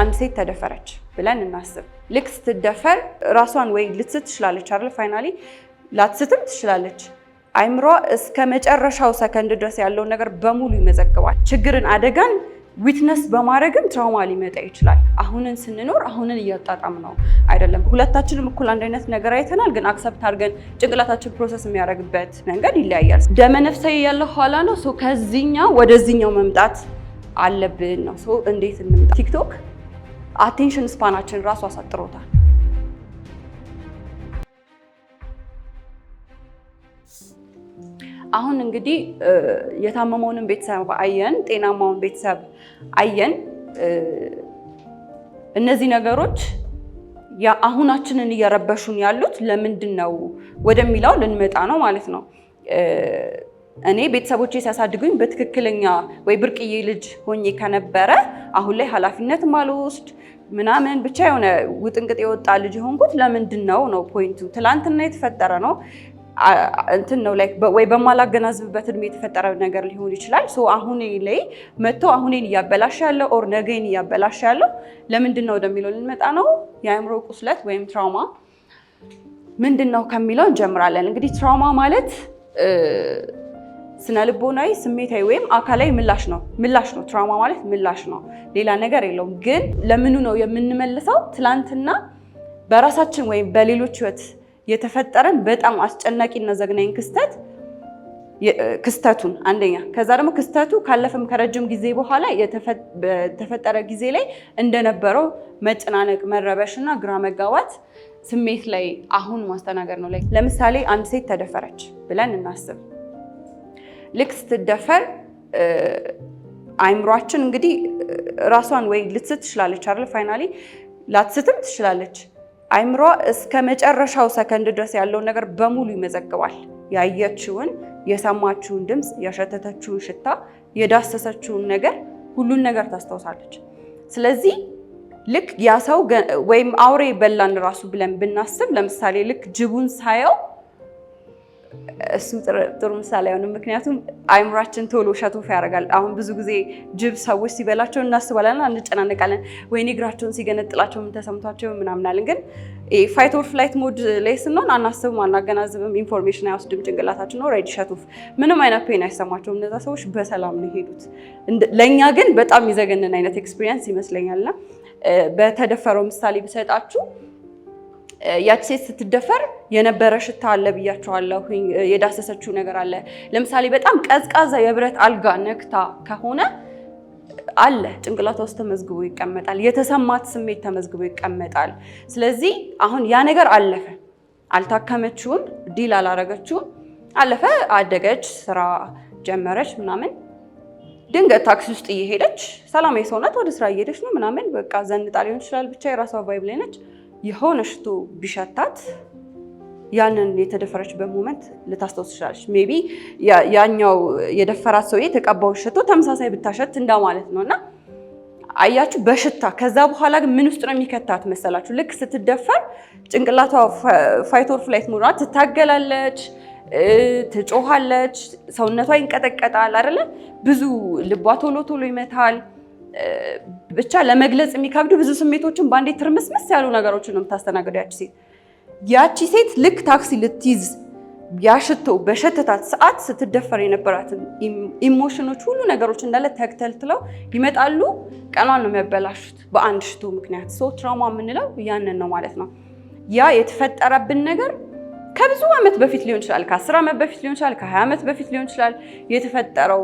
አንድ ሴት ተደፈረች ብለን እናስብ። ልክ ስትደፈር ራሷን ወይ ልትስት ትችላለች አይደል? ፋይናሊ ላትስትም ትችላለች። አይምሮ እስከ መጨረሻው ሰከንድ ድረስ ያለውን ነገር በሙሉ ይመዘግባል። ችግርን፣ አደጋን ዊትነስ በማድረግም ትራውማ ሊመጣ ይችላል። አሁንን ስንኖር አሁንን እያጣጣም ነው አይደለም። ሁለታችንም እኩል አንድ አይነት ነገር አይተናል፣ ግን አክሰፕት አድርገን ጭንቅላታችን ፕሮሰስ የሚያደርግበት መንገድ ይለያያል። ደመነፍሳዊ ያለው ኋላ ነው። ከዚኛው ወደዚህኛው መምጣት አለብን ነው። እንዴት እንምጣ? ቲክቶክ አቴንሽን ስፓናችን ራሱ አሳጥሮታል። አሁን እንግዲህ የታመመውንም ቤተሰብ አየን፣ ጤናማውን ቤተሰብ አየን። እነዚህ ነገሮች አሁናችንን እየረበሹን ያሉት ለምንድን ነው ወደሚለው ልንመጣ ነው ማለት ነው። እኔ ቤተሰቦቼ ሲያሳድጉኝ በትክክለኛ ወይ ብርቅዬ ልጅ ሆኜ ከነበረ አሁን ላይ ኃላፊነት ማልወስድ ምናምን ብቻ የሆነ ውጥንቅጥ የወጣ ልጅ የሆንኩት ለምንድን ነው ነው ፖይንቱ። ትላንትና የተፈጠረ ነው እንትን ነው ላይክ ወይ በማላገናዝብበት እድሜ የተፈጠረ ነገር ሊሆን ይችላል። ሶ አሁን ላይ መጥቶ አሁኔን እያበላሽ ያለው ኦር ነገን እያበላሽ ያለው ለምንድን ነው ወደሚለው ልንመጣ ነው። የአእምሮ ቁስለት ወይም ትራውማ ምንድን ነው ከሚለው እንጀምራለን። እንግዲህ ትራውማ ማለት ስነ ልቦናዊ፣ ስሜታዊ ወይም አካላዊ ምላሽ ነው። ምላሽ ነው። ትራውማ ማለት ምላሽ ነው፣ ሌላ ነገር የለውም። ግን ለምኑ ነው የምንመልሰው? ትላንትና በራሳችን ወይም በሌሎች ህይወት የተፈጠረን በጣም አስጨናቂና ዘግናኝ ክስተት ክስተቱን አንደኛ፣ ከዛ ደግሞ ክስተቱ ካለፈም ከረጅም ጊዜ በኋላ በተፈጠረ ጊዜ ላይ እንደነበረው መጨናነቅ፣ መረበሽ እና ግራ መጋባት ስሜት ላይ አሁን ማስተናገድ ነው። ላይ ለምሳሌ አንድ ሴት ተደፈረች ብለን እናስብ። ልክ ስትደፈር አይምሯችን እንግዲህ ራሷን ወይ ልትስት ትችላለች አይደል? ፋይናሊ ላትስትም ትችላለች። አይምሯ እስከ መጨረሻው ሰከንድ ድረስ ያለውን ነገር በሙሉ ይመዘግባል። ያየችውን፣ የሰማችውን ድምፅ፣ ያሸተተችውን ሽታ፣ የዳሰሰችውን ነገር ሁሉን ነገር ታስታውሳለች። ስለዚህ ልክ ያ ሰው ወይም አውሬ በላን ራሱ ብለን ብናስብ ለምሳሌ ልክ ጅቡን ሳየው እሱም ጥሩ ምሳሌ አይሆንም። ምክንያቱም አይምራችን ቶሎ ሸቶፍ ያደርጋል። አሁን ብዙ ጊዜ ጅብ ሰዎች ሲበላቸው እናስባለንና እንጨናነቃለን። ወይኔ እግራቸውን ሲገነጥላቸው ምን ተሰምቷቸው ምናምናለን። ግን ፋይት ኦር ፍላይት ሞድ ላይ ስንሆን አናስብም፣ አናገናዝብም፣ ኢንፎርሜሽን አይወስድም ጭንቅላታችን። ኦልሬዲ ሸቶፍ፣ ምንም አይነት ፔን አይሰማቸውም። እነዛ ሰዎች በሰላም ነው የሄዱት። ለእኛ ግን በጣም ይዘገንን አይነት ኤክስፒሪየንስ ይመስለኛልና በተደፈረው ምሳሌ ብሰጣችሁ ያቺ ሴት ስትደፈር የነበረ ሽታ አለ ብያቸዋለሁ። የዳሰሰችው ነገር አለ። ለምሳሌ በጣም ቀዝቃዛ የብረት አልጋ ነክታ ከሆነ አለ ጭንቅላቷ ውስጥ ተመዝግቦ ይቀመጣል። የተሰማት ስሜት ተመዝግቦ ይቀመጣል። ስለዚህ አሁን ያ ነገር አለፈ፣ አልታከመችውም፣ ዲል አላረገችውም። አለፈ፣ አደገች፣ ስራ ጀመረች ምናምን። ድንገት ታክሲ ውስጥ እየሄደች ሰላማዊ ሰው ወደ ስራ እየሄደች ነው ምናምን፣ በቃ ዘንጣ ሊሆን ይችላል። ብቻ የራሷ ቫይብ ላይ ነች። የሆነ ሽቶ ቢሸታት ያንን የተደፈረችበት ሞመንት ልታስታውስ ትችላለች። ሜይ ቢ ያኛው የደፈራት ሰውዬ ተቀባው ሽቶ ተመሳሳይ ብታሸት እንዳ ማለት ነው እና አያችሁ በሽታ ከዛ በኋላ ግን ምን ውስጥ ነው የሚከታት መሰላችሁ? ልክ ስትደፈር ጭንቅላቷ ፋይት ኦር ፍላይት ሞድ ትታገላለች፣ ትጮሃለች፣ ሰውነቷ ይንቀጠቀጣል አይደለ? ብዙ ልቧ ቶሎ ቶሎ ይመታል። ብቻ ለመግለጽ የሚከብዱ ብዙ ስሜቶችን በአንዴ ትርምስምስ ያሉ ነገሮችን ነው የምታስተናግደው ያቺ ሴት። ያቺ ሴት ልክ ታክሲ ልትይዝ ያሽቶ በሸተታት ሰዓት ስትደፈር የነበራትን ኢሞሽኖች ሁሉ ነገሮች እንዳለ ተክተልትለው ይመጣሉ። ቀኗን ነው የሚያበላሹት በአንድ ሽቶ ምክንያት። ሰው ትራውማ የምንለው ያንን ነው ማለት ነው። ያ የተፈጠረብን ነገር ከብዙ ዓመት በፊት ሊሆን ይችላል፣ ከአስር ዓመት በፊት ሊሆን ይችላል፣ ከሀያ ዓመት በፊት ሊሆን ይችላል የተፈጠረው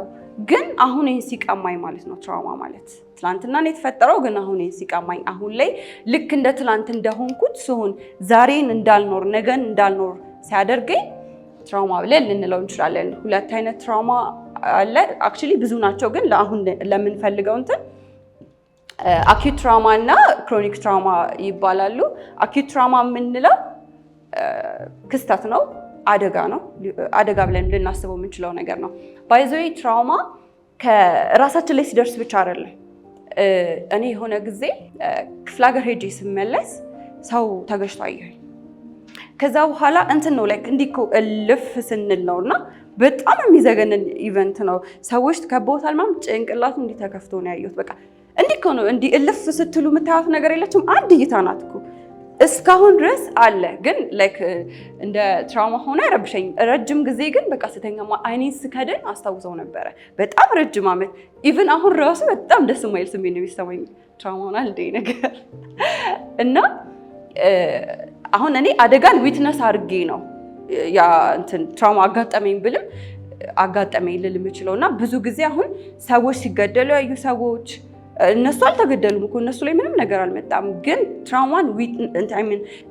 ግን አሁን ይሄን ሲቀማኝ ማለት ነው ትራውማ ማለት ትላንትና ነው የተፈጠረው፣ ግን አሁን ይሄን ሲቀማኝ አሁን ላይ ልክ እንደ ትላንት እንደሆንኩት ሲሆን ዛሬን እንዳልኖር ነገን እንዳልኖር ሲያደርገኝ ትራውማ ብለን ልንለው እንችላለን። ሁለት አይነት ትራውማ አለ። አክቹሊ ብዙ ናቸው፣ ግን አሁን ለምንፈልገው እንትን አኪዩት ትራውማ እና ክሮኒክ ትራውማ ይባላሉ። አኪዩት ትራውማ የምንለው ክስተት ነው አደጋ ነው። አደጋ ብለን ልናስበው የምንችለው ነገር ነው። ባይዘዌ ትራውማ ከራሳችን ላይ ሲደርስ ብቻ አይደለም። እኔ የሆነ ጊዜ ክፍለ ሀገር ሄጄ ስመለስ ሰው ተገጭቶ አየሁኝ። ከዛ በኋላ እንትን ነው ላይክ እንዲህ እልፍ ስንል ነው እና በጣም የሚዘገንን ኢቨንት ነው። ሰዎች ከቦታል ማም ጭንቅላቱ እንዲህ ተከፍቶ ነው ያየሁት። በቃ እንዲህ እኮ ነው። እንዲህ እልፍ ስትሉ የምታያት ነገር የለችም። አንድ እይታ ናት እኮ እስካሁን ድረስ አለ። ግን እንደ ትራውማ ሆነ አይረብሸኝም። ረጅም ጊዜ ግን በቃ ስተኛ አይኔን ስከድን አስታውሰው ነበረ። በጣም ረጅም ዓመት ኢቨን አሁን ራሱ በጣም ደስ የማይል ስሜት ነው የሚሰማኝ። ትራውማ ሆናል እንደ ነገር እና አሁን እኔ አደጋን ዊትነስ አድርጌ ነው ያ እንትን ትራውማ አጋጠመኝ ብልም አጋጠመኝ ልል የምችለው እና ብዙ ጊዜ አሁን ሰዎች ሲገደሉ ያዩ ሰዎች እነሱ አልተገደሉም እኮ እነሱ ላይ ምንም ነገር አልመጣም። ግን ትራውማን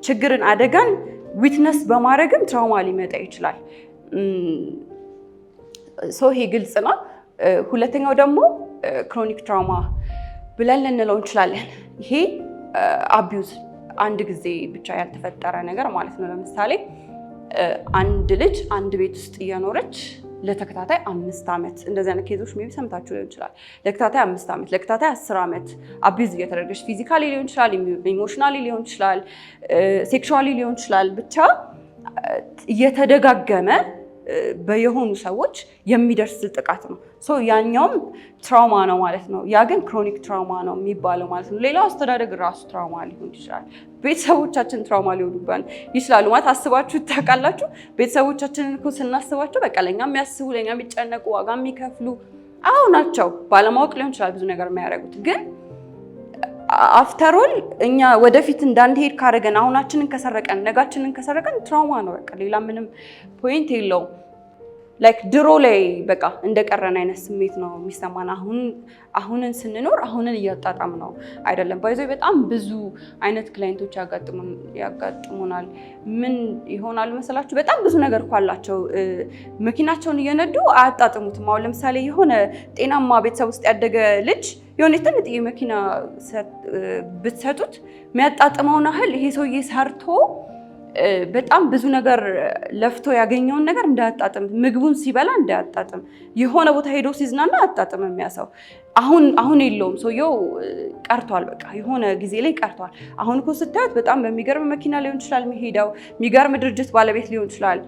ችግርን፣ አደጋን ዊትነስ በማድረግም ትራውማ ሊመጣ ይችላል። ሰው ይሄ ግልጽ ነው። ሁለተኛው ደግሞ ክሮኒክ ትራውማ ብለን ልንለው እንችላለን። ይሄ አቢዩዝ አንድ ጊዜ ብቻ ያልተፈጠረ ነገር ማለት ነው። ለምሳሌ አንድ ልጅ አንድ ቤት ውስጥ እየኖረች ለተከታታይ አምስት ዓመት እንደዚህ አይነት ኬዞች ሜቢ ሰምታችሁ ሊሆን ይችላል። ለተከታታይ አምስት ዓመት፣ ለተከታታይ አስር ዓመት አቢዝ እየተደረገች ፊዚካሊ ሊሆን ይችላል፣ ኢሞሽናሊ ሊሆን ይችላል፣ ሴክሹዋሊ ሊሆን ይችላል። ብቻ እየተደጋገመ በየሆኑ ሰዎች የሚደርስ ጥቃት ነው። ያኛውም ትራውማ ነው ማለት ነው። ያ ግን ክሮኒክ ትራውማ ነው የሚባለው ማለት ነው። ሌላው አስተዳደግ ራሱ ትራውማ ሊሆን ይችላል። ቤተሰቦቻችን ትራውማ ሊሆኑብን ይችላሉ። ማለት አስባችሁ ታውቃላችሁ? ቤተሰቦቻችንን እኮ ስናስባቸው በቃ ለኛ የሚያስቡ ለኛ የሚጨነቁ ዋጋ የሚከፍሉ አሁ ናቸው። ባለማወቅ ሊሆን ይችላል ብዙ ነገር የሚያደርጉት ግን አፍተሮል እኛ ወደፊት እንዳንሄድ ካደረገን አሁናችንን ከሰረቀን ነጋችንን ከሰረቀን ትራውማ ነው። በቃ ሌላ ምንም ፖይንት የለውም። ላይክ ድሮ ላይ በቃ እንደቀረን አይነት ስሜት ነው የሚሰማን። አሁን አሁንን ስንኖር አሁንን እያጣጣም ነው አይደለም። ባይዞ በጣም ብዙ አይነት ክላይንቶች ያጋጥሙናል። ምን ይሆናሉ መሰላችሁ? በጣም ብዙ ነገር እኮ አላቸው። መኪናቸውን እየነዱ አያጣጥሙትም። አሁን ለምሳሌ የሆነ ጤናማ ቤተሰብ ውስጥ ያደገ ልጅ የሆነ ትንጥዬ መኪና ብትሰጡት የሚያጣጥመውን ያህል ይሄ ሰውዬ ሰርቶ በጣም ብዙ ነገር ለፍቶ ያገኘውን ነገር እንዳያጣጥም፣ ምግቡን ሲበላ እንዳያጣጥም፣ የሆነ ቦታ ሄዶ ሲዝናና አጣጥም የሚያሰው አሁን አሁን የለውም ሰውየው ቀርቷል። በቃ የሆነ ጊዜ ላይ ቀርቷል። አሁን እኮ ስታዩት በጣም በሚገርም መኪና ሊሆን ይችላል የሚሄደው፣ የሚገርም ድርጅት ባለቤት ሊሆን ይችላል።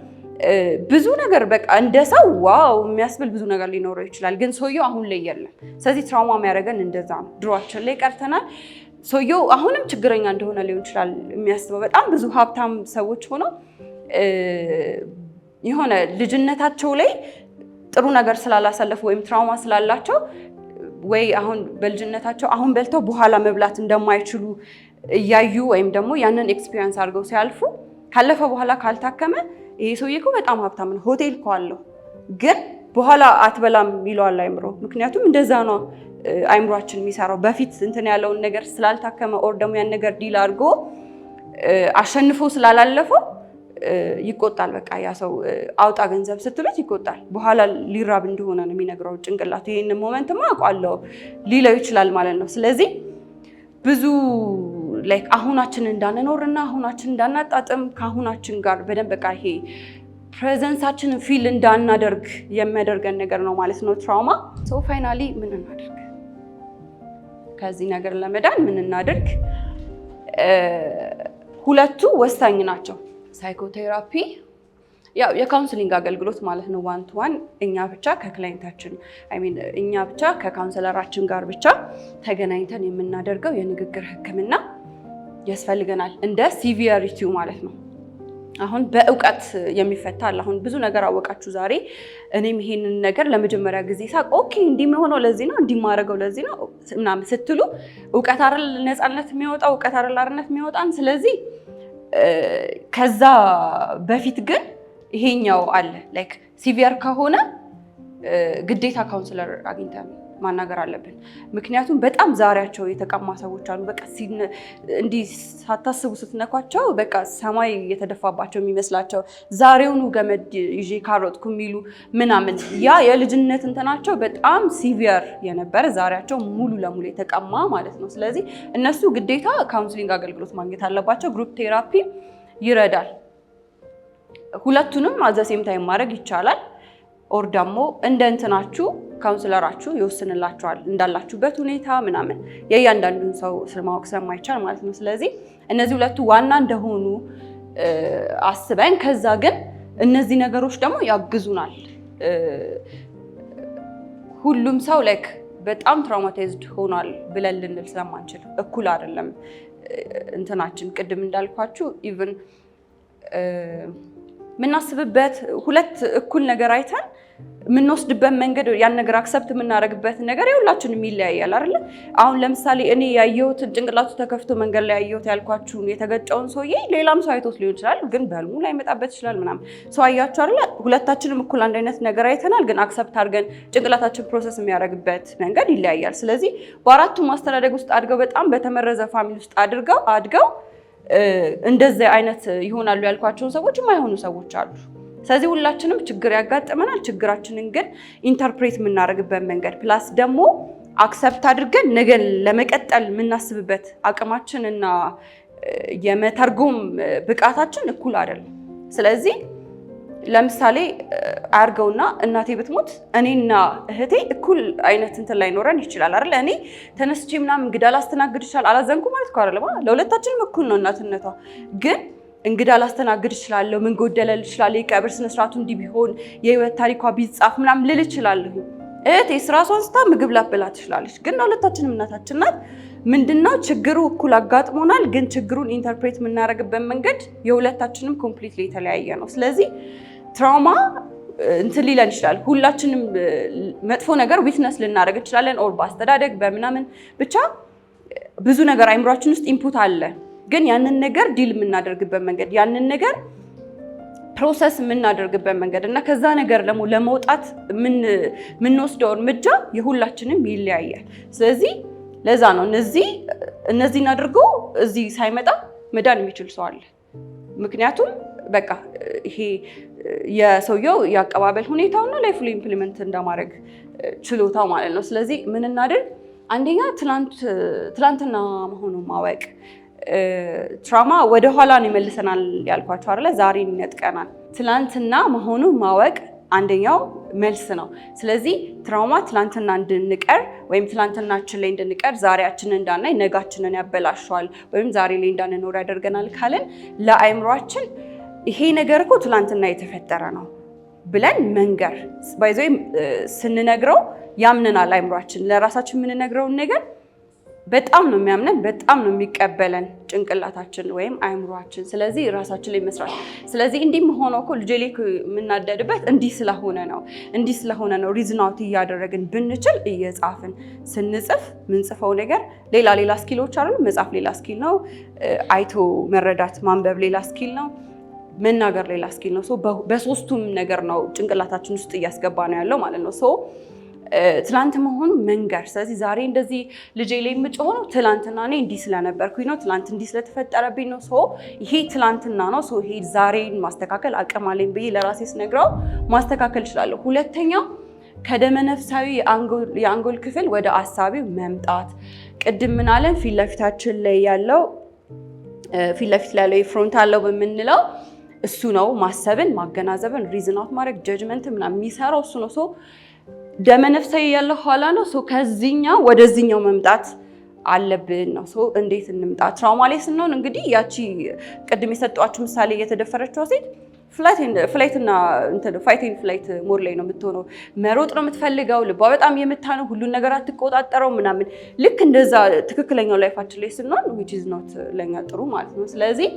ብዙ ነገር በቃ እንደ ሰው ዋው የሚያስብል ብዙ ነገር ሊኖረው ይችላል። ግን ሰውየው አሁን ላይ የለም። ስለዚህ ትራውማ የሚያደርገን እንደዛ ነው። ድሯችን ላይ ቀርተናል። ሰውየው አሁንም ችግረኛ እንደሆነ ሊሆን ይችላል የሚያስበው። በጣም ብዙ ሀብታም ሰዎች ሆነው የሆነ ልጅነታቸው ላይ ጥሩ ነገር ስላላሳለፉ ወይም ትራውማ ስላላቸው ወይ አሁን በልጅነታቸው አሁን በልተው በኋላ መብላት እንደማይችሉ እያዩ ወይም ደግሞ ያንን ኤክስፒሪየንስ አድርገው ሲያልፉ ካለፈ በኋላ ካልታከመ ይሄ ሰውዬ እኮ በጣም ሀብታም ነው ሆቴል እኮ አለው ግን በኋላ አትበላም ይለዋል አይምሮ። ምክንያቱም እንደዛ ነው አይምሯችን የሚሰራው በፊት እንትን ያለውን ነገር ስላልታከመ ኦር ደግሞ ያን ነገር ዲል አድርጎ አሸንፎ ስላላለፈው ይቆጣል። በቃ ያ ሰው አውጣ ገንዘብ ስትሉት ይቆጣል። በኋላ ሊራብ እንደሆነ ነው የሚነግረው ጭንቅላቱ። ይህን ሞመንትማ አውቃለሁ ሊለው ይችላል ማለት ነው። ስለዚህ ብዙ ላይክ አሁናችን እንዳንኖርና አሁናችን እንዳናጣጥም ከአሁናችን ጋር በደንብ በቃ ይሄ ፕሬዘንሳችንን ፊል እንዳናደርግ የሚያደርገን ነገር ነው ማለት ነው ትራውማ። ሰው ፋይናሊ ምን እናደርግ ከዚህ ነገር ለመዳን ምን እናደርግ? ሁለቱ ወሳኝ ናቸው። ሳይኮቴራፒ ያው የካውንስሊንግ አገልግሎት ማለት ነው። ዋን ቱ ዋን እኛ ብቻ ከክላይንታችን አይ ሚን እኛ ብቻ ከካውንስለራችን ጋር ብቻ ተገናኝተን የምናደርገው የንግግር ህክምና ያስፈልገናል እንደ ሲቪሪቲው ማለት ነው። አሁን በእውቀት የሚፈታ አለ። አሁን ብዙ ነገር አወቃችሁ ዛሬ። እኔም ይሄንን ነገር ለመጀመሪያ ጊዜ ሳቅ ኦኬ፣ እንዲህ መሆነው ለዚህ ነው፣ እንዲህ ማድረገው ለዚህ ነው ምናምን ስትሉ እውቀት አይደል ነፃነት የሚያወጣው እውቀት አይደል አርነት የሚወጣን። ስለዚህ ከዛ በፊት ግን ይሄኛው አለ ላይክ ሲቪየር ከሆነ ግዴታ ካውንስለር አግኝተን ማናገር አለብን። ምክንያቱም በጣም ዛሬያቸው የተቀማ ሰዎች አሉ። በቃ እንዲህ ሳታስቡ ስትነኳቸው በቃ ሰማይ የተደፋባቸው የሚመስላቸው ዛሬውኑ ገመድ ይዤ ካሮጥኩ የሚሉ ምናምን፣ ያ የልጅነት እንትናቸው በጣም ሲቪየር የነበረ ዛሬያቸው ሙሉ ለሙሉ የተቀማ ማለት ነው። ስለዚህ እነሱ ግዴታ ካውንስሊንግ አገልግሎት ማግኘት አለባቸው። ግሩፕ ቴራፒ ይረዳል። ሁለቱንም አዘሴም ታይም ማድረግ ይቻላል። ኦር ደግሞ እንደ እንትናችሁ ካውንስለራችሁ ይወስንላችኋል እንዳላችሁበት ሁኔታ ምናምን የእያንዳንዱን ሰው ማወቅ ስለማይቻል ማለት ነው። ስለዚህ እነዚህ ሁለቱ ዋና እንደሆኑ አስበን ከዛ ግን እነዚህ ነገሮች ደግሞ ያግዙናል። ሁሉም ሰው ላይክ በጣም ትራውማታይዝድ ሆኗል ብለን ልንል ስለማንችል እኩል አይደለም እንትናችን። ቅድም እንዳልኳችሁ ኢቨን የምናስብበት ሁለት እኩል ነገር አይተን የምንወስድበት መንገድ ያን ነገር አክሰብት የምናደርግበት ነገር የሁላችንም ይለያያል አይደለ? አሁን ለምሳሌ እኔ ያየሁትን ጭንቅላቱ ተከፍቶ መንገድ ላይ ያየሁት ያልኳችሁን የተገጨውን ሰውዬ ሌላም ሰው አይቶት ሊሆን ይችላል፣ ግን በህልሙ ላይ መጣበት ይችላል ምናምን። ሰው አያችሁ አይደለ? ሁለታችንም እኩል አንድ አይነት ነገር አይተናል፣ ግን አክሰብት አድርገን ጭንቅላታችን ፕሮሰስ የሚያደርግበት መንገድ ይለያያል። ስለዚህ በአራቱ ማስተዳደግ ውስጥ አድገው በጣም በተመረዘ ፋሚሊ ውስጥ አድርገው አድገው እንደዚህ አይነት ይሆናሉ ያልኳቸውን ሰዎች የማይሆኑ ሰዎች አሉ። ስለዚህ ሁላችንም ችግር ያጋጥመናል። ችግራችንን ግን ኢንተርፕሬት የምናደርግበት መንገድ ፕላስ ደግሞ አክሰፕት አድርገን ነገን ለመቀጠል የምናስብበት አቅማችን እና የመተርጎም ብቃታችን እኩል አይደለም። ስለዚህ ለምሳሌ አያርገውና እናቴ ብትሞት እኔና እህቴ እኩል አይነት እንትን ላይኖረን ይችላል አይደል? እኔ ተነስቼ ምናምን እንግዳ ላስተናግድ ይችላል አላዘንኩ ማለት እኮ አይደለም። ለሁለታችንም እኩል ነው እናትነቷ ግን እንግዳ ላስተናግድ እችላለሁ፣ ምን ጎደለል እችላለሁ፣ የቀብር ስነስርዓቱ እንዲህ ቢሆን፣ የህይወት ታሪኳ ቢጻፍ ምናምን ልል እችላለሁ። እህቴ ስራሷን ስታ ምግብ ላበላ ትችላለች። ግን ሁለታችንም እናታችን ናት። ምንድነው ችግሩ እኩል አጋጥሞናል፣ ግን ችግሩን ኢንተርፕሬት የምናደርግበት መንገድ የሁለታችንም ኮምፕሊት የተለያየ ነው። ስለዚህ ትራውማ እንትን ሊለን ይችላል። ሁላችንም መጥፎ ነገር ዊትነስ ልናደርግ እንችላለን። ኦር በአስተዳደግ በምናምን ብቻ ብዙ ነገር አይምሯችን ውስጥ ኢንፑት አለ። ግን ያንን ነገር ዲል የምናደርግበት መንገድ ያንን ነገር ፕሮሰስ የምናደርግበት መንገድ እና ከዛ ነገር ደግሞ ለመውጣት የምንወስደው እርምጃ የሁላችንም ይለያያል። ስለዚህ ለዛ ነው እነዚህ እነዚህን አድርጎ እዚህ ሳይመጣ መዳን የሚችል ሰው አለ። ምክንያቱም በቃ ይሄ የሰውየው የአቀባበል ሁኔታውና ላይፍ ላይ ኢምፕሊመንት እንደማድረግ ችሎታው ማለት ነው። ስለዚህ ምን እናድርግ? አንደኛ ትናንትና መሆኑን ማወቅ ትራማ ወደ ኋላ ነው ይመልሰናል ያልኳቸው አለ ዛሬን ይነጥቀናል። ትላንትና መሆኑ ማወቅ አንደኛው መልስ ነው። ስለዚህ ትራውማ ትላንትና እንድንቀር ወይም ትላንትናችን ላይ እንድንቀር ዛሬያችንን እንዳናይ ነጋችንን ያበላሸዋል ወይም ዛሬ ላይ እንዳንኖር ያደርገናል ካለን ለአእምሯችን ይሄ ነገር እኮ ትላንትና የተፈጠረ ነው ብለን መንገር ባይዘ ስንነግረው ያምነናል። አእምሯችን ለራሳችን የምንነግረውን ነገር በጣም ነው የሚያምነን፣ በጣም ነው የሚቀበለን ጭንቅላታችን ወይም አይምሯችን። ስለዚህ ራሳችን ላይ መስራት። ስለዚህ እንዲህ ሆኖ እኮ ልጄ ላይ የምናደድበት እንዲህ ስለሆነ ነው እንዲህ ስለሆነ ነው ሪዝናውት እያደረግን ብንችል እየጻፍን ስንጽፍ ምንጽፈው ነገር ሌላ ሌላ ስኪሎች አሉ። መጻፍ ሌላ ስኪል ነው። አይቶ መረዳት ማንበብ ሌላ ስኪል ነው። መናገር ሌላ ስኪል ነው። በሶስቱም ነገር ነው ጭንቅላታችን ውስጥ እያስገባ ነው ያለው ማለት ነው። ትላንት መሆኑ መንገር። ስለዚህ ዛሬ እንደዚህ ልጄ ላይ የምጮህ ነው ትላንትና እኔ እንዲህ ስለነበርኩኝ ነው ትላንት እንዲህ ስለተፈጠረብኝ ነው። ሶ ይሄ ትላንትና ነው። ሶ ይሄ ዛሬን ማስተካከል አቅም አለኝ ብዬ ለራሴ ስነግረው ማስተካከል እችላለሁ። ሁለተኛ ከደመነፍሳዊ የአንጎል ክፍል ወደ አሳቢው መምጣት። ቅድም ምናለን ፊት ለፊታችን ላይ ያለው ፊት ለፊት ላይ ያለው የፍሮንት አለው የምንለው እሱ ነው። ማሰብን፣ ማገናዘብን፣ ሪዝን አውት ማድረግ ጀጅመንት ምናምን የሚሰራው እሱ ነው። ደመነፍሳዊ ያለው ኋላ ነው። ሶ ከዚህኛው ወደዚህኛው መምጣት አለብን ነው። ሶ እንዴት እንምጣ? ትራውማ ላይ ስንሆን እንግዲህ ያቺ ቅድም የሰጠኋችሁ ምሳሌ የተደፈረችው ሴት ፍላይትና ፋይቴን ፍላይት ሞር ላይ ነው የምትሆነው። መሮጥ ነው የምትፈልገው። ልቧ በጣም የምታ ነው። ሁሉን ነገር አትቆጣጠረው ምናምን። ልክ እንደዛ ትክክለኛው ላይፋችን ላይ ስንሆን ዊች ኢዝ ኖት ለኛ ጥሩ ማለት ነው። ስለዚህ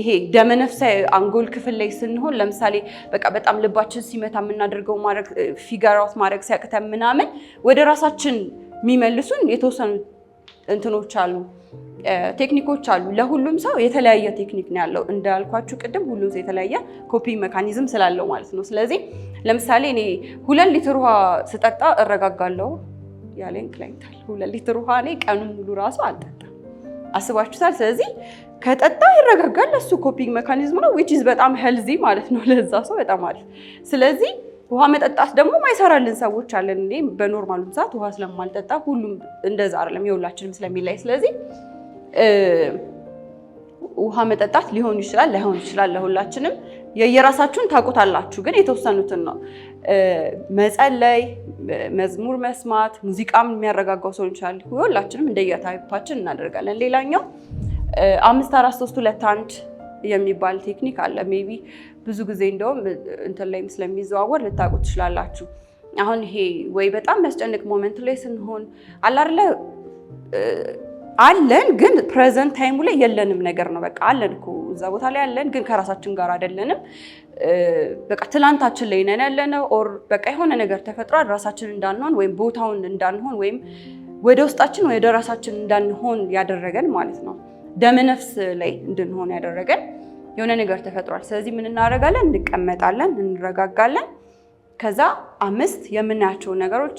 ይሄ ደመነፍሳዊ አንጎል ክፍል ላይ ስንሆን ለምሳሌ በቃ በጣም ልባችን ሲመታ የምናደርገው ማድረግ ማድረግ ሲያቅተ ምናምን ወደ ራሳችን የሚመልሱን የተወሰኑ እንትኖች አሉ፣ ቴክኒኮች አሉ። ለሁሉም ሰው የተለያየ ቴክኒክ ነው ያለው። እንዳልኳችሁ ቅድም ሁሉም ሰው የተለያየ ኮፒ ሜካኒዝም ስላለው ማለት ነው። ስለዚህ ለምሳሌ እኔ ሁለት ሊትር ውሃ ስጠጣ እረጋጋለሁ ያለኝ ክላይንታል። ሁለት ሊትር ውሃ እኔ ቀኑን ሙሉ ራሱ አልጠጣም አስባችሁታል። ስለዚህ ከጠጣ ይረጋጋል። እሱ ኮፒንግ መካኒዝም ነው ዊች ኢዝ በጣም ሄልዚ ማለት ነው ለዛ ሰው በጣም አሪፍ። ስለዚህ ውሃ መጠጣት ደግሞ ማይሰራልን ሰዎች አለን። እኔ በኖርማሉም ሰዓት ውሃ ስለማልጠጣ ሁሉም እንደዛ አይደለም የሁላችንም ስለሚላይ ስለዚህ ውሃ መጠጣት ሊሆን ይችላል ላይሆን ይችላል። ለሁላችንም የየራሳችሁን ታውቁታላችሁ፣ ግን የተወሰኑትን ነው መጸለይ፣ መዝሙር መስማት፣ ሙዚቃም የሚያረጋጋው ሰው ይችላል። ሁላችንም እንደየታይፓችን እናደርጋለን። ሌላኛው አምስት አራት ሶስት ሁለት አንድ የሚባል ቴክኒክ አለ። ሜይ ቢ ብዙ ጊዜ እንደውም እንትን ላይም ስለሚዘዋወር ልታውቁ ትችላላችሁ። አሁን ይሄ ወይ በጣም የሚያስጨንቅ ሞመንት ላይ ስንሆን አላርለ አለን ግን ፕሬዘንት ታይሙ ላይ የለንም ነገር ነው። በቃ አለን እኮ እዛ ቦታ ላይ አለን ግን ከራሳችን ጋር አይደለንም። በቃ ትላንታችን ላይ ነን ያለነው። ኦር በቃ የሆነ ነገር ተፈጥሯል ራሳችን እንዳንሆን ወይም ቦታውን እንዳንሆን ወይም ወደ ውስጣችን ወደ ራሳችን እንዳንሆን ያደረገን ማለት ነው። ደመነፍስ ላይ እንድንሆን ያደረገን የሆነ ነገር ተፈጥሯል። ስለዚህ ምን እናደርጋለን? እንቀመጣለን፣ እንረጋጋለን። ከዛ አምስት የምናያቸውን ነገሮች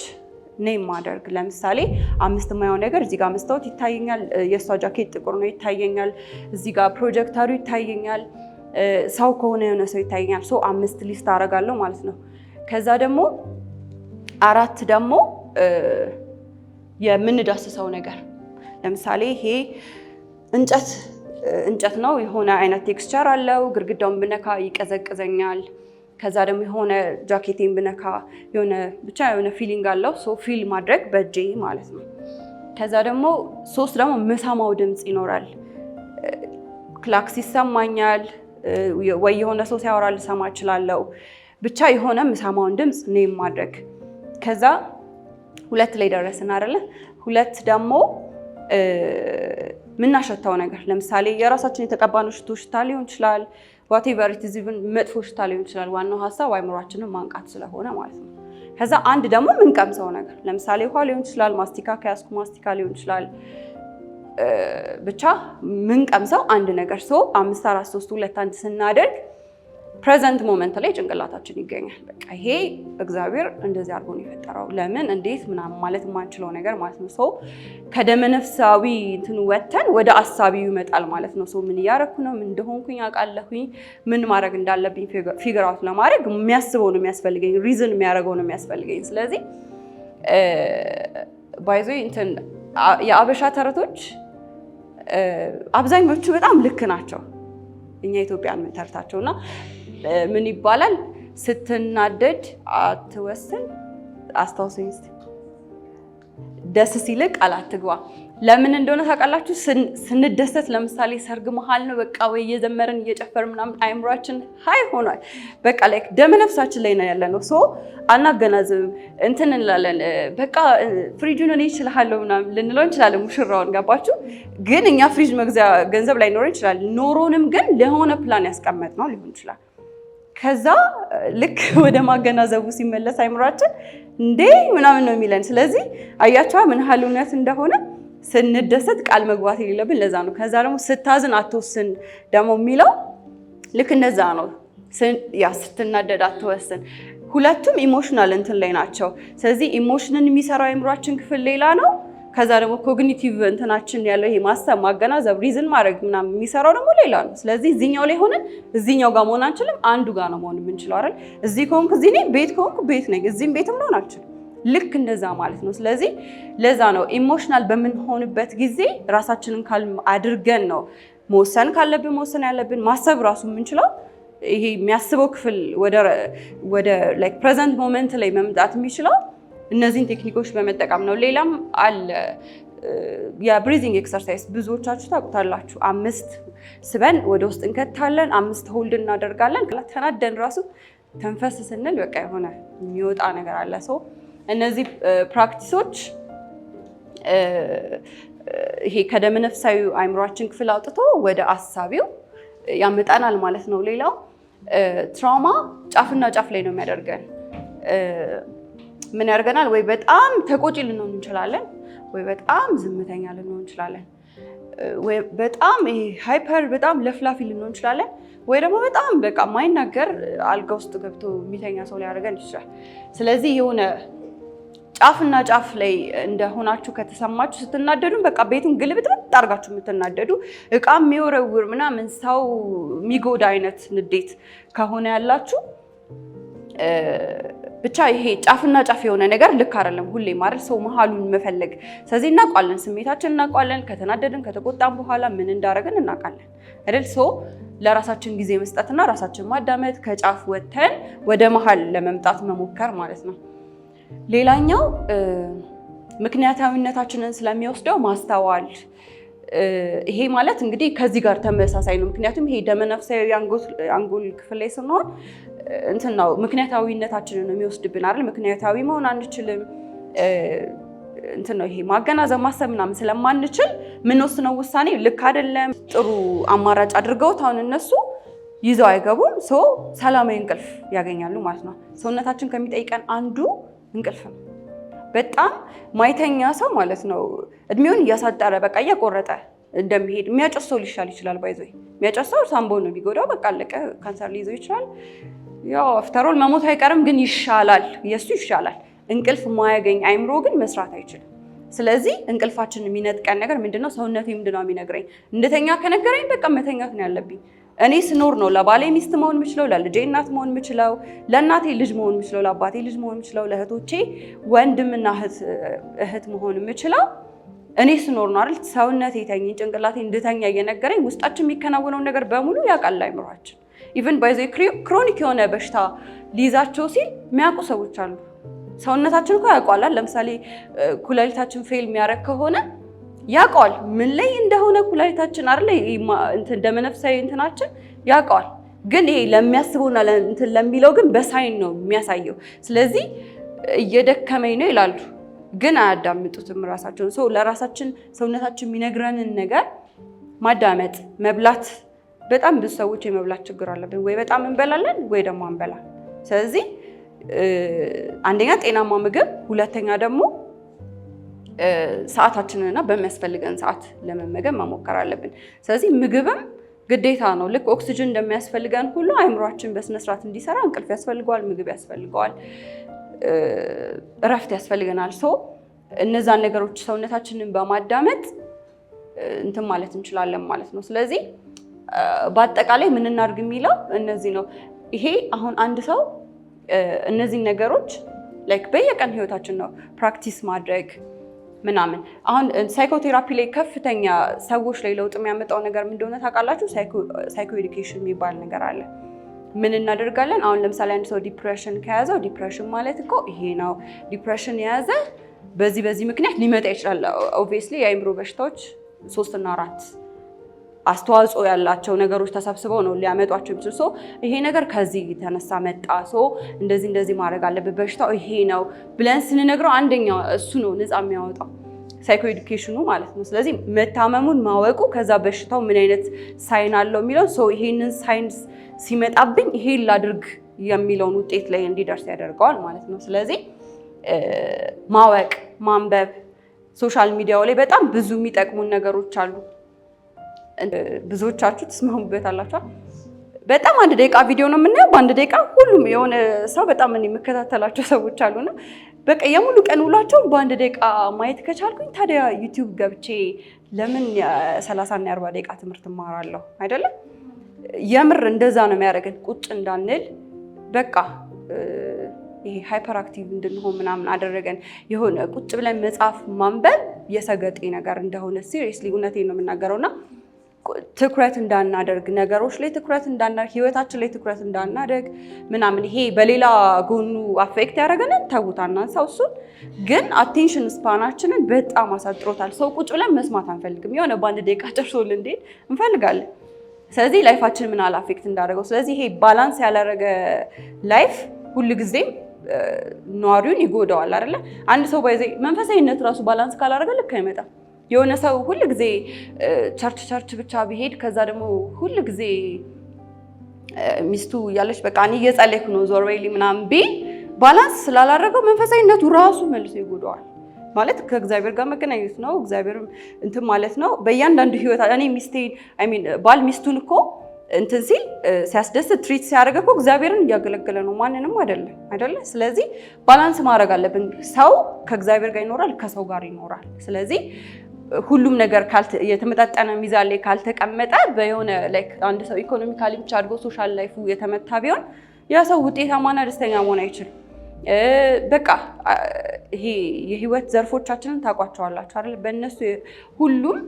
ኔም የማደርግ። ለምሳሌ አምስት የማየው ነገር እዚህ ጋር መስታወት ይታየኛል፣ የእሷ ጃኬት ጥቁር ነው ይታየኛል፣ እዚህ ጋር ፕሮጀክተሩ ይታየኛል፣ ሰው ከሆነ የሆነ ሰው ይታየኛል። ሶ አምስት ሊስት አደርጋለሁ ማለት ነው። ከዛ ደግሞ አራት ደግሞ የምንዳስሰው ነገር ለምሳሌ ይሄ እንጨት እንጨት ነው የሆነ አይነት ቴክስቸር አለው። ግድግዳውን ብነካ ይቀዘቅዘኛል። ከዛ ደግሞ የሆነ ጃኬቴን ብነካ የሆነ ብቻ የሆነ ፊሊንግ አለው። ሶ ፊል ማድረግ በእጄ ማለት ነው። ከዛ ደግሞ ሶስት ደግሞ ምሰማው ድምፅ ይኖራል። ክላክስ ይሰማኛል ወይ የሆነ ሰው ሲያወራ ልሰማ እችላለሁ። ብቻ የሆነ ምሰማውን ድምፅ ኔም ማድረግ። ከዛ ሁለት ላይ ደረስን አይደለ? ሁለት ደግሞ የምናሸታው ነገር ለምሳሌ የራሳችን የተቀባነው ሽቶ ሽታ ሊሆን ይችላል ዋቴቨር ኢዝ ኢቭን መጥፎ ሽታ ሊሆን ይችላል። ዋናው ሀሳብ አይምሯችንን ማንቃት ስለሆነ ማለት ነው። ከዛ አንድ ደግሞ የምንቀምሰው ነገር ለምሳሌ ውሃ ሊሆን ይችላል፣ ማስቲካ ከያዝኩ ማስቲካ ሊሆን ይችላል። ብቻ ምንቀምሰው አንድ ነገር ሰው አምስት አራት ሶስት ሁለት አንድ ስናደርግ ፕሬዘንት ሞመንት ላይ ጭንቅላታችን ይገኛል። በቃ ይሄ እግዚአብሔር እንደዚህ አድርጎ ነው የፈጠረው፣ ለምን እንዴት ምናምን ማለት የማንችለው ነገር ማለት ነው። ሰው ከደመነፍሳዊ እንትን ወተን ወደ አሳቢው ይመጣል ማለት ነው። ሰው ምን እያረኩ ነው፣ ምን እንደሆንኩኝ አውቃለሁኝ፣ ምን ማድረግ እንዳለብኝ ፊገር አውት ለማድረግ የሚያስበው ነው የሚያስፈልገኝ፣ ሪዝን የሚያደርገው ነው የሚያስፈልገኝ። ስለዚህ ባይዞ እንትን የአበሻ ተረቶች አብዛኞቹ በጣም ልክ ናቸው። እኛ ኢትዮጵያን ተረታቸውና ምን ይባላል? ስትናደድ አትወስን፣ አስታውሰኝ እስኪ። ደስ ሲል ቃል አትግባ። ለምን እንደሆነ ታውቃላችሁ? ስንደሰት ለምሳሌ ሰርግ መሀል ነው በቃ ወይ እየዘመርን እየጨፈር ምናምን አይምሯችን ሀይ ሆኗል። በቃ ላይ ደመ ነፍሳችን ላይ ነው ያለ ነው ሶ አናገናዝብም እንትን እንላለን። በቃ ፍሪጁን እኔ እችልሃለሁ ምናምን ልንለው እንችላለን። ሙሽራውን ገባችሁ? ግን እኛ ፍሪጅ መግዚያ ገንዘብ ላይ ኖረን ይችላል። ኖሮንም ግን ለሆነ ፕላን ነው ሊሆን ይችላል። ከዛ ልክ ወደ ማገናዘቡ ሲመለስ አይምሯችን እንዴ ምናምን ነው የሚለን። ስለዚህ አያቸዋ ምን ያህል እውነት እንደሆነ ስንደሰት ቃል መግባት የሌለብን ለዛ ነው። ከዛ ደግሞ ስታዝን አትወስን ደግሞ የሚለው ልክ እንደዛ ነው። ያ ስትናደድ አትወስን። ሁለቱም ኢሞሽናል እንትን ላይ ናቸው። ስለዚህ ኢሞሽንን የሚሰራው አይምሯችን ክፍል ሌላ ነው። ከዛ ደግሞ ኮግኒቲቭ እንትናችን ያለው ይሄ ማሰብ፣ ማገናዘብ፣ ሪዝን ማድረግ ምናምን የሚሰራው ደግሞ ሌላ ነው። ስለዚህ እዚኛው ላይ ሆነን እዚኛው ጋር መሆን አንችልም። አንዱ ጋር ነው መሆን የምንችለው አይደል? እዚህ ከሆንኩ እዚህ ነኝ፣ ቤት ከሆንኩ ቤት ነኝ፣ እዚህም ቤትም ልሆን አልችልም። ልክ እንደዛ ማለት ነው። ስለዚህ ለዛ ነው ኢሞሽናል በምንሆንበት ጊዜ ራሳችንን ካልም አድርገን ነው መወሰን ካለብን መወሰን ያለብን ማሰብ ራሱ የምንችለው ይሄ የሚያስበው ክፍል ወደ ፕሬዘንት ሞመንት ላይ መምጣት የሚችለው እነዚህን ቴክኒኮች በመጠቀም ነው። ሌላም አለ የብሪዚንግ ኤክሰርሳይዝ ብዙዎቻችሁ ታውቁታላችሁ። አምስት ስበን ወደ ውስጥ እንከታለን፣ አምስት ሆልድ እናደርጋለን። ተናደን ራሱ ተንፈስ ስንል በቃ የሆነ የሚወጣ ነገር አለ። ሰው እነዚህ ፕራክቲሶች ይሄ ከደመነፍሳዊ አይምሯችን ክፍል አውጥቶ ወደ አሳቢው ያመጣናል ማለት ነው። ሌላው ትራውማ ጫፍና ጫፍ ላይ ነው የሚያደርገን ምን ያደርገናል? ወይ በጣም ተቆጪ ልንሆን እንችላለን፣ ወይ በጣም ዝምተኛ ልንሆን እንችላለን፣ ወይ በጣም ይሄ ሃይፐር በጣም ለፍላፊ ልንሆን እንችላለን፣ ወይ ደግሞ በጣም በቃ ማይናገር አልጋ ውስጥ ገብቶ የሚተኛ ሰው ሊያደርገን ይችላል። ስለዚህ የሆነ ጫፍና ጫፍ ላይ እንደሆናችሁ ከተሰማችሁ ስትናደዱ በቃ ቤቱን ግልብጥብጥ አድርጋችሁ የምትናደዱ እቃ የሚወረውር ምናምን ሰው የሚጎዳ አይነት ንዴት ከሆነ ያላችሁ ብቻ ይሄ ጫፍና ጫፍ የሆነ ነገር ልክ አይደለም። ሁሌ ማረል ሰው መሀሉን መፈለግ። ስለዚህ እናውቃለን፣ ስሜታችን እናውቃለን። ከተናደድን ከተቆጣን በኋላ ምን እንዳደረግን እናውቃለን አይደል? ሰው ለራሳችን ጊዜ መስጠትና ራሳችን ማዳመጥ፣ ከጫፍ ወጥተን ወደ መሀል ለመምጣት መሞከር ማለት ነው። ሌላኛው ምክንያታዊነታችንን ስለሚወስደው ማስተዋል ይሄ ማለት እንግዲህ ከዚህ ጋር ተመሳሳይ ነው። ምክንያቱም ይሄ ደመነፍሳዊ አንጎል ክፍል ላይ ስንሆን እንትን ነው ምክንያታዊነታችንን የሚወስድብን አይደል? ምክንያታዊ መሆን አንችልም። እንትን ነው ይሄ ማገናዘብ ማሰብ ምናምን ስለማንችል የምንወስነው ውሳኔ ልክ አይደለም። ጥሩ አማራጭ አድርገውት አሁን እነሱ ይዘው አይገቡም። ሰው ሰላማዊ እንቅልፍ ያገኛሉ ማለት ነው። ሰውነታችን ከሚጠይቀን አንዱ እንቅልፍ ነው። በጣም ማይተኛ ሰው ማለት ነው እድሜውን እያሳጠረ በቃ እያቆረጠ እንደሚሄድ የሚያጨሰው ሊሻል ይችላል። ባይዞ የሚያጨሰው ሳምቦ ነው የሚጎዳው። በቃ አለቀ። ካንሰር ሊይዘው ይችላል። ያው አፍተሮል መሞት አይቀርም፣ ግን ይሻላል፣ የእሱ ይሻላል። እንቅልፍ ማያገኝ አይምሮ ግን መስራት አይችልም። ስለዚህ እንቅልፋችን የሚነጥቀን ነገር ምንድነው? ሰውነቱ ምንድነው የሚነግረኝ? እንደተኛ ከነገረኝ በቃ መተኛት ነው ያለብኝ። እኔ ስኖር ነው ለባሌ ሚስት መሆን የምችለው፣ ለልጄ እናት መሆን የምችለው፣ ለእናቴ ልጅ መሆን የምችለው፣ ለአባቴ ልጅ መሆን የምችለው፣ ለእህቶቼ ወንድምና እህት መሆን የምችለው እኔ ስኖር ነው አይደል? ሰውነቴ ተኝ ጭንቅላቴ እንድተኛ እየነገረኝ ውስጣችን የሚከናወነውን ነገር በሙሉ ያውቃል አይምሯችን። ኢቨን ባይዘ ክሮኒክ የሆነ በሽታ ሊይዛቸው ሲል የሚያውቁ ሰዎች አሉ። ሰውነታችን እኮ ያውቀዋል። ለምሳሌ ኩላሊታችን ፌል የሚያደርግ ከሆነ ያውቀዋል፣ ምን ላይ እንደሆነ ኩላሊታችን አለ እንደመነፍሳዊ እንትናችን ያውቀዋል። ግን ይሄ ለሚያስበውና እንትን ለሚለው ግን በሳይን ነው የሚያሳየው። ስለዚህ እየደከመኝ ነው ይላሉ፣ ግን አያዳምጡትም ራሳቸውን። ለራሳችን ሰውነታችን የሚነግረንን ነገር ማዳመጥ መብላት በጣም ብዙ ሰዎች የመብላት ችግር አለብን። ወይ በጣም እንበላለን ወይ ደግሞ አንበላ። ስለዚህ አንደኛ ጤናማ ምግብ፣ ሁለተኛ ደግሞ ሰዓታችንንና በሚያስፈልገን ሰዓት ለመመገብ መሞከር አለብን። ስለዚህ ምግብም ግዴታ ነው። ልክ ኦክሲጅን እንደሚያስፈልገን ሁሉ አይምሯችን በስነስርዓት እንዲሰራ እንቅልፍ ያስፈልገዋል፣ ምግብ ያስፈልገዋል፣ እረፍት ያስፈልገናል። ሰው እነዛን ነገሮች ሰውነታችንን በማዳመጥ እንትን ማለት እንችላለን ማለት ነው። ስለዚህ በአጠቃላይ ምን እናድርግ የሚለው እነዚህ ነው። ይሄ አሁን አንድ ሰው እነዚህን ነገሮች ላይክ በየቀን ህይወታችን ነው ፕራክቲስ ማድረግ ምናምን አሁን ሳይኮቴራፒ ላይ ከፍተኛ ሰዎች ላይ ለውጥ የሚያመጣው ነገር ምን እንደሆነ ታውቃላችሁ? ሳይኮ ኤዱኬሽን የሚባል ነገር አለ። ምን እናደርጋለን? አሁን ለምሳሌ አንድ ሰው ዲፕሬሽን ከያዘው ዲፕሬሽን ማለት እኮ ይሄ ነው። ዲፕሬሽን የያዘ በዚህ በዚህ ምክንያት ሊመጣ ይችላል። ኦብቪየስሊ የአይምሮ በሽታዎች ሶስትና አራት አስተዋጽኦ ያላቸው ነገሮች ተሰብስበው ነው ሊያመጧቸው የሚችሉ ሰው ይሄ ነገር ከዚህ የተነሳ መጣ ሰው እንደዚህ እንደዚህ ማድረግ አለበት በሽታው ይሄ ነው ብለን ስንነግረው አንደኛው እሱ ነው ነፃ የሚያወጣው ሳይኮ ኤዱኬሽኑ ማለት ነው። ስለዚህ መታመሙን ማወቁ ከዛ በሽታው ምን አይነት ሳይን አለው የሚለው ሰው ይሄንን ሳይን ሲመጣብኝ ይሄን ላድርግ የሚለውን ውጤት ላይ እንዲደርስ ያደርገዋል ማለት ነው። ስለዚህ ማወቅ፣ ማንበብ፣ ሶሻል ሚዲያው ላይ በጣም ብዙ የሚጠቅሙን ነገሮች አሉ። ብዙዎቻችሁ ትስማሙበት አላችሁ። በጣም አንድ ደቂቃ ቪዲዮ ነው የምናየው። በአንድ ደቂቃ ሁሉም የሆነ ሰው በጣም እኔ የምከታተላቸው ሰዎች አሉና በቃ የሙሉ ቀን ውሏቸውን በአንድ ደቂቃ ማየት ከቻልኩኝ ታዲያ ዩቲዩብ ገብቼ ለምን እና የአርባ ደቂቃ ትምህርት እማራለሁ? አይደለም የምር እንደዛ ነው የሚያደርገን ቁጭ እንዳንል በቃ ይሄ ሃይፐር አክቲቭ እንድንሆን ምናምን አደረገን። የሆነ ቁጭ ብለን መጽሐፍ ማንበብ የሰገጤ ነገር እንደሆነ ሲሪየስሊ እውነቴን ነው የምናገረውና ትኩረት እንዳናደርግ ነገሮች ላይ ትኩረት እንዳናደርግ ህይወታችን ላይ ትኩረት እንዳናደርግ ምናምን ይሄ በሌላ ጎኑ አፌክት ያደረገንን ተውታ እናንሳው። እሱን ግን አቴንሽን ስፓናችንን በጣም አሳጥሮታል። ሰው ቁጭ ብለን መስማት አንፈልግም። የሆነ በአንድ ደቂቃ ጨርሶል ልንሄድ እንፈልጋለን። ስለዚህ ላይፋችን ምን አል አፌክት እንዳደረገው። ስለዚህ ይሄ ባላንስ ያላደረገ ላይፍ ጊዜም ነዋሪውን ይጎዳዋል አይደለ? አንድ ሰው ባይዘ መንፈሳዊነት ራሱ ባላንስ ካላደረገ ልክ አይመጣም። የሆነ ሰው ሁል ጊዜ ቸርች ቸርች ብቻ ቢሄድ ከዛ ደግሞ ሁል ጊዜ ሚስቱ እያለች በቃ እኔ እየጸለይኩ ነው ዞር በይልኝ ምናምን ቢል ባላንስ ስላላደረገው መንፈሳዊነቱ ራሱ መልሶ ይጎዳዋል። ማለት ከእግዚአብሔር ጋር መገናኘት ነው። እግዚአብሔር እንትን ማለት ነው። በእያንዳንዱ ህይወት እኔ ሚስቴን አይ ሚን ባል ሚስቱን እኮ እንትን ሲል ሲያስደስት ትሪት ሲያደርግ እኮ እግዚአብሔርን እያገለገለ ነው፣ ማንንም አይደለም አይደለ። ስለዚህ ባላንስ ማድረግ አለብን። ሰው ከእግዚአብሔር ጋር ይኖራል፣ ከሰው ጋር ይኖራል። ስለዚህ ሁሉም ነገር የተመጣጠነ ሚዛን ላይ ካልተቀመጠ በየሆነ ላይክ አንድ ሰው ኢኮኖሚካሊ ብቻ አድጎ ሶሻል ላይፉ የተመታ ቢሆን ያ ሰው ውጤታማና ደስተኛ መሆን አይችልም። በቃ ይሄ የህይወት ዘርፎቻችንን ታውቋቸዋላችሁ አይደል? በእነሱ ሁሉም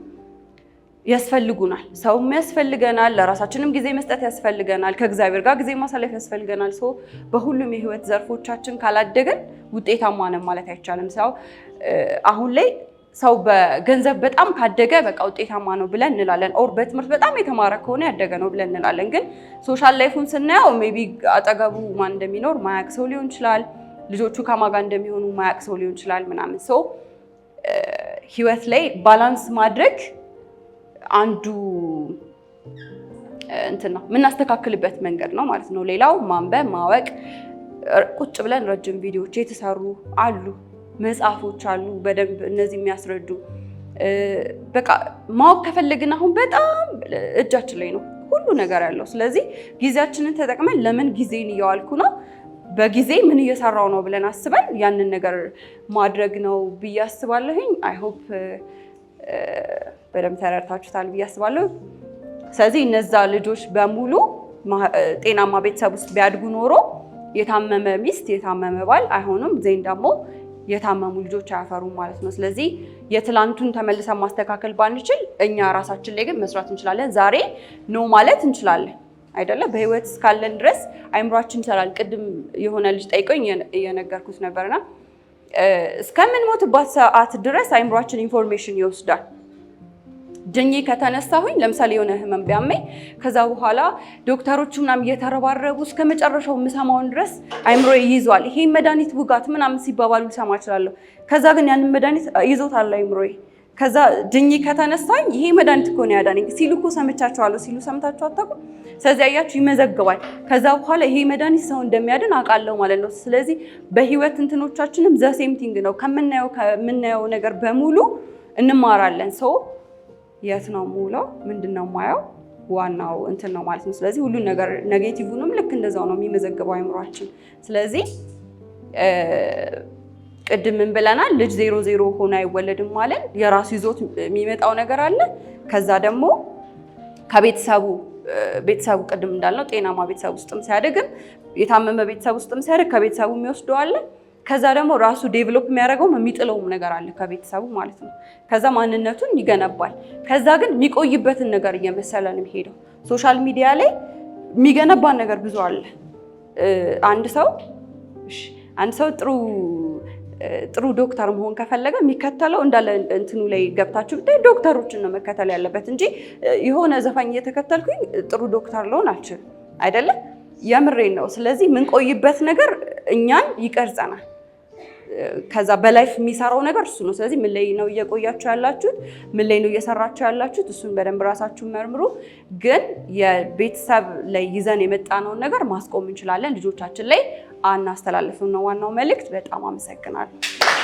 ያስፈልጉናል። ሰውም ያስፈልገናል፣ ለራሳችንም ጊዜ መስጠት ያስፈልገናል፣ ከእግዚአብሔር ጋር ጊዜ ማሳለፍ ያስፈልገናል። ሰው በሁሉም የህይወት ዘርፎቻችን ካላደገን ውጤታማ ነን ማለት አይቻልም። ሰው አሁን ላይ ሰው በገንዘብ በጣም ካደገ በቃ ውጤታማ ነው ብለን እንላለን። ኦር በትምህርት በጣም የተማረ ከሆነ ያደገ ነው ብለን እንላለን። ግን ሶሻል ላይፉን ስናየው ሜቢ አጠገቡ ማን እንደሚኖር ማያቅ ሰው ሊሆን ይችላል። ልጆቹ ከማጋ እንደሚሆኑ ማያቅ ሰው ሊሆን ይችላል። ምናምን ሰው ህይወት ላይ ባላንስ ማድረግ አንዱ እንትን ነው የምናስተካክልበት መንገድ ነው ማለት ነው። ሌላው ማንበብ ማወቅ፣ ቁጭ ብለን ረጅም ቪዲዮዎች የተሰሩ አሉ መጽሐፎች አሉ በደንብ እነዚህ የሚያስረዱ በቃ ማወቅ ከፈለግን አሁን በጣም እጃችን ላይ ነው ሁሉ ነገር ያለው። ስለዚህ ጊዜያችንን ተጠቅመን ለምን ጊዜን እየዋልኩ ነው በጊዜ ምን እየሰራው ነው ብለን አስበን ያንን ነገር ማድረግ ነው ብዬ አስባለሁኝ። አይሆፕ በደንብ ተረድታችሁታል ብዬ አስባለሁ። ስለዚህ እነዛ ልጆች በሙሉ ጤናማ ቤተሰብ ውስጥ ቢያድጉ ኖሮ የታመመ ሚስት የታመመ ባል አይሆኑም። ዜን ደግሞ የታመሙ ልጆች አያፈሩም ማለት ነው። ስለዚህ የትላንቱን ተመልሰን ማስተካከል ባንችል እኛ ራሳችን ላይ ግን መስራት እንችላለን። ዛሬ ኖ ማለት እንችላለን አይደለ? በህይወት እስካለን ድረስ አይምሯችን ይሰራል። ቅድም የሆነ ልጅ ጠይቀኝ እየነገርኩት ነበርና እስከምንሞትባት ሰዓት ድረስ አይምሯችን ኢንፎርሜሽን ይወስዳል። ድኜ ከተነሳሁኝ ለምሳሌ የሆነ ህመም ቢያመኝ ከዛ በኋላ ዶክተሮቹ ምናምን እየተረባረቡ እስከ መጨረሻው የምሰማውን ድረስ አይምሮ ይይዟል። ይሄ መድኃኒት ውጋት ምናምን ሲባባሉ ልሰማ እችላለሁ። ከዛ ግን ያንን መድኃኒት ይዞታል አይምሮ። ከዛ ድኜ ከተነሳኝ ይሄ መድኃኒት እኮ ነው ያዳነኝ ሲሉ እኮ ሰምቻቸዋለሁ ሲሉ ሰምታቸው አታውቁም? ስለዚህ አያችሁ ይመዘግባል። ከዛ በኋላ ይሄ መድኃኒት ሰው እንደሚያድን አውቃለሁ ማለት ነው። ስለዚህ በህይወት እንትኖቻችንም ዘሴምቲንግ ነው። ከምናየው ከምናየው ነገር በሙሉ እንማራለን ሰው የት ነው የምውለው፣ ምንድን ነው የማየው፣ ዋናው እንትን ነው ማለት ነው። ስለዚህ ሁሉን ነገር ኔጌቲቭንም ልክ እንደዛው ነው የሚመዘግበው አይምሯችን። ስለዚህ ቅድም ብለናል? ልጅ ዜሮ ዜሮ ሆኖ አይወለድም ማለት የራሱ ይዞት የሚመጣው ነገር አለ። ከዛ ደግሞ ከቤተሰቡ ቤተሰቡ ቅድም እንዳልነው ጤናማ ቤተሰብ ውስጥም ሲያደግም የታመመ ቤተሰብ ውስጥም ሲያደግ ከቤተሰቡ የሚወስደዋለን ከዛ ደግሞ ራሱ ዴቨሎፕ የሚያደርገውም የሚጥለውም ነገር አለ ከቤተሰቡ ማለት ነው። ከዛ ማንነቱን ይገነባል። ከዛ ግን የሚቆይበትን ነገር እየመሰለ ነው የሚሄደው። ሶሻል ሚዲያ ላይ የሚገነባን ነገር ብዙ አለ። አንድ ሰው አንድ ሰው ጥሩ ጥሩ ዶክተር መሆን ከፈለገ የሚከተለው እንዳለ እንትኑ ላይ ገብታችሁ ብታይ ዶክተሮችን ነው መከተል ያለበት እንጂ የሆነ ዘፋኝ እየተከተልኩኝ ጥሩ ዶክተር ልሆን አልችልም። አይደለም፣ የምሬን ነው። ስለዚህ የምንቆይበት ነገር እኛን ይቀርጸናል። ከዛ በላይፍ የሚሰራው ነገር እሱ ነው። ስለዚህ ምን ላይ ነው እየቆያችሁ ያላችሁት? ምን ላይ ነው እየሰራችሁ ያላችሁት? እሱን በደንብ ራሳችሁን መርምሩ። ግን የቤተሰብ ላይ ይዘን የመጣነውን ነገር ማስቆም እንችላለን። ልጆቻችን ላይ አናስተላልፍም ነው ዋናው መልእክት። በጣም አመሰግናለሁ።